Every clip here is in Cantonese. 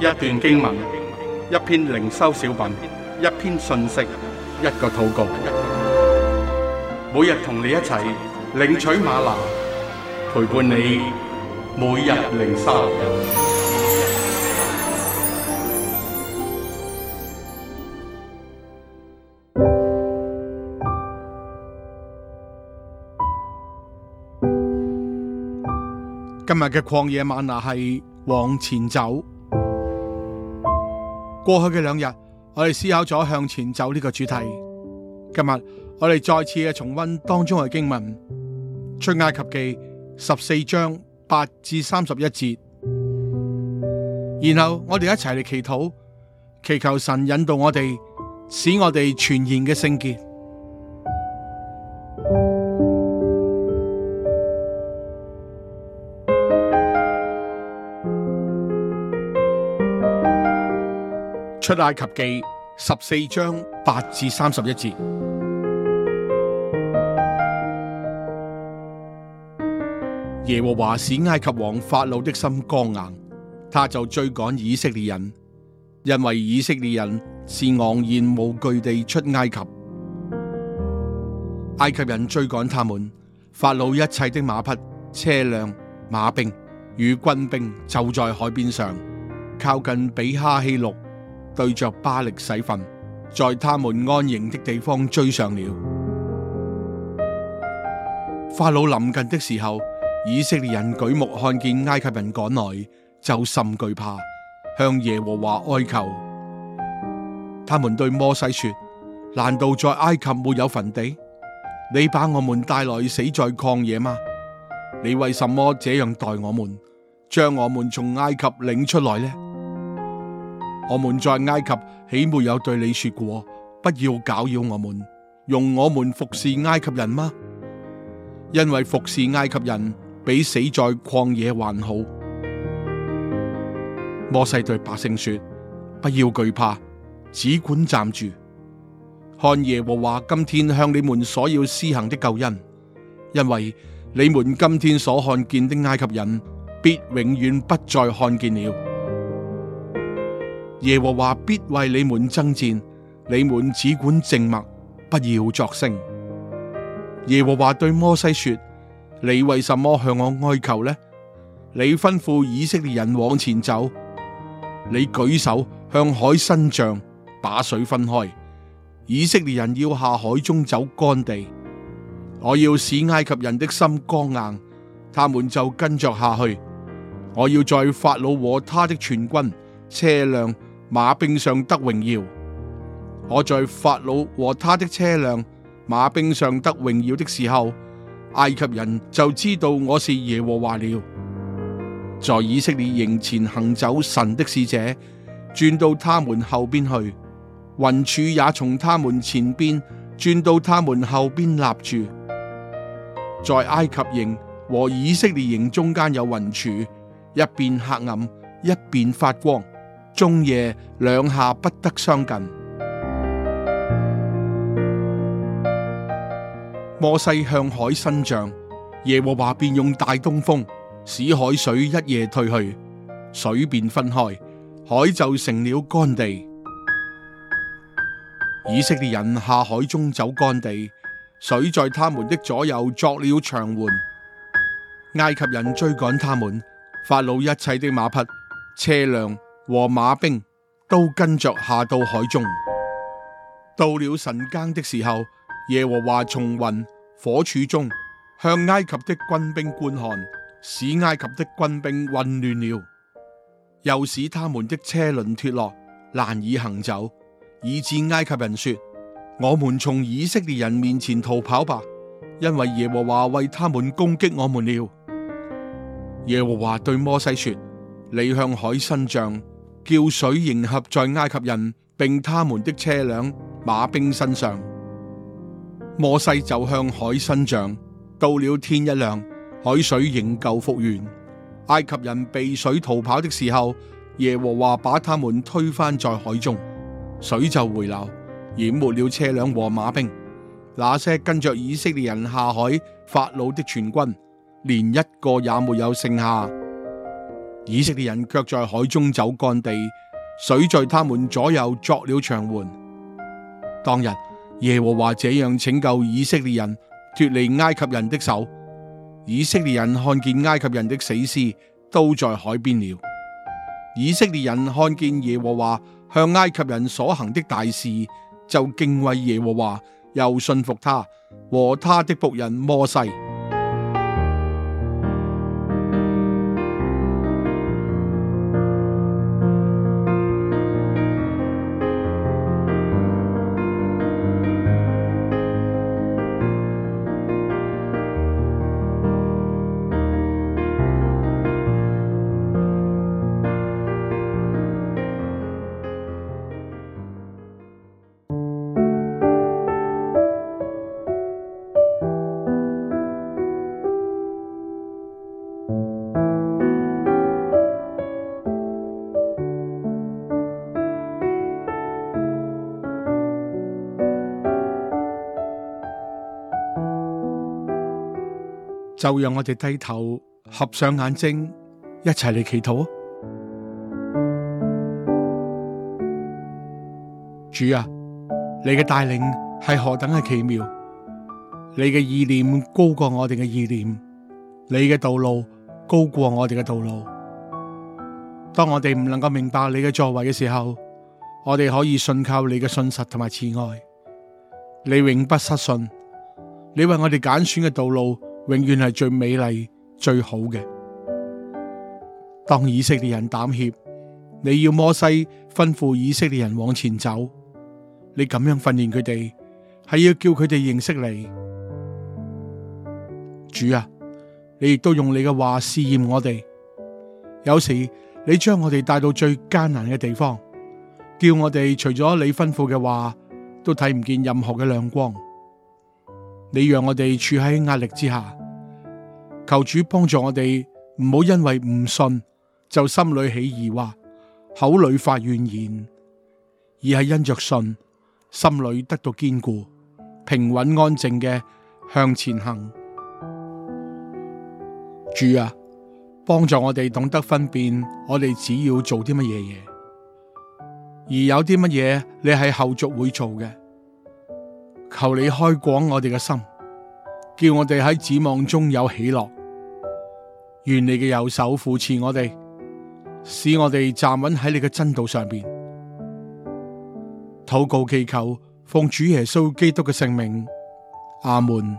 一段經文，一篇靈修小品，一篇信息，一個禱告。每日同你一齊領取嗎哪，陪伴你每日靈修。今日嘅曠野嗎哪係往前走。過去嘅兩日，我哋思考咗向前走呢個主題。今日我哋再次嘅重溫當中嘅經文，出埃及記十四章八至三十一節，然後我哋一齊嚟祈禱，祈求神引導我哋，使我哋傳言嘅聖潔。出埃及記十四章八至三十一節，耶和華使埃及王法老的心剛硬，他就追趕以色列人，因為以色列人是昂然無懼地出埃及。埃及人追趕他們，法老一切的馬匹、車輛、馬兵與軍兵就在海邊上，靠近比哈希錄。對着巴力洗分，在他們安營的地方追上了。法老臨近的時候，以色列人舉目看見埃及人趕來，就甚懼怕，向耶和華哀求。他們對摩西說：難道在埃及沒有墳地？你把我們帶來死在曠野嗎？你為什麼這樣待我們？將我們從埃及領出來呢？我們在埃及豈沒有對你說過，不要攪擾我們，用我們服侍埃及人嗎？因為服侍埃及人比死在曠野還好。摩西對百姓說：不要懼怕，只管站住，看耶和華今天向你們所要施行的救恩，因為你們今天所看見的埃及人，必永遠不再看見了。耶和華必為你們爭戰，你們只管靜默，不要作聲。耶和華對摩西說：你為什麼向我哀求呢？你吩咐以色列人往前走，你舉手向海伸杖，把水分開，以色列人要下海中走乾地。我要使埃及人的心剛硬，他們就跟着下去。我要在法老和他的全軍車輛。馬兵上得榮耀。我在法老和他的車輛馬兵上得榮耀的時候，埃及人就知道我是耶和華了。在以色列營前行走神的使者，轉到他們後邊去，雲柱也從他們前邊轉到他們後邊立住。在埃及營和以色列營中間有雲柱，一邊黑暗，一邊發光。中夜兩下不得相近。摩西向海伸杖，耶和華便用大東風使海水一夜退去，水便分開，海就成了乾地。以色列人下海中走乾地，水在他們的左右作了牆垣；埃及人追趕他們，法老一切的馬匹、車輛，和馬兵都跟着下到海中。到了晨更的時候，耶和華從雲火柱中向埃及的軍兵觀看，使埃及的軍兵混亂了，又使他們的車輪脫落，難以行走。以致埃及人說：我們從以色列人面前逃跑吧，因為耶和華為他們攻擊我們了。耶和華對摩西說：你向海伸杖。叫水迎合在埃及人並他們的車輛馬兵身上，摩西就向海伸杖。到了天一亮，海水仍舊復原。埃及人避水逃跑的時候，耶和華把他們推翻在海中，水就回流，淹沒了車輛和馬兵。那些跟着以色列人下海法老的全軍，連一個也沒有剩下。以色列人卻在海中走乾地，水在他們左右作了牆垣。當日耶和華這樣拯救以色列人脫離埃及人的手。以色列人看見埃及人的死屍都在海邊了。以色列人看見耶和華向埃及人所行的大事，就敬畏耶和華，又信服他和他的僕人摩西。就讓我哋低頭，合上眼睛，一齊嚟祈禱。主啊，你嘅帶領係何等嘅奇妙，你嘅意念高過我哋嘅意念，你嘅道路高過我哋嘅道路。當我哋唔能夠明白你嘅作為嘅時候，我哋可以信靠你嘅信實同埋慈愛。你永不失信，你為我哋揀選嘅道路。永遠係最美麗、最好嘅。當以色列人膽怯，你要摩西吩咐以色列人往前走。你咁樣訓練佢哋，係要叫佢哋認識你。主啊，你亦都用你嘅話試驗我哋。有時你將我哋帶到最艱難嘅地方，叫我哋除咗你吩咐嘅話，都睇唔見任何嘅亮光。你讓我哋處喺壓力之下。求主幫助我哋唔好因為唔信就心裏起疑惑，口裏發怨言，而係因着信，心裏得到堅固，平穩安靜嘅向前行。主啊，幫助我哋懂得分辨，我哋只要做啲乜嘢嘢，而有啲乜嘢你喺後續會做嘅。求你開廣我哋嘅心，叫我哋喺指望中有喜樂。願你嘅右手扶持我哋，使我哋站穩喺你嘅真道上邊。禱告祈求，奉主耶穌基督嘅聖名，阿門。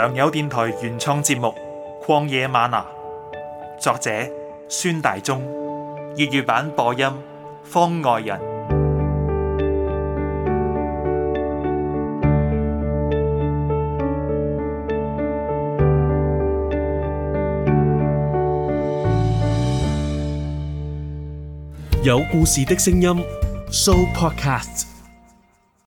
良友電台原創節目《曠野嗎哪》，作者孫大中，粵語版播音方外人，有故事的聲音，Show Podcast。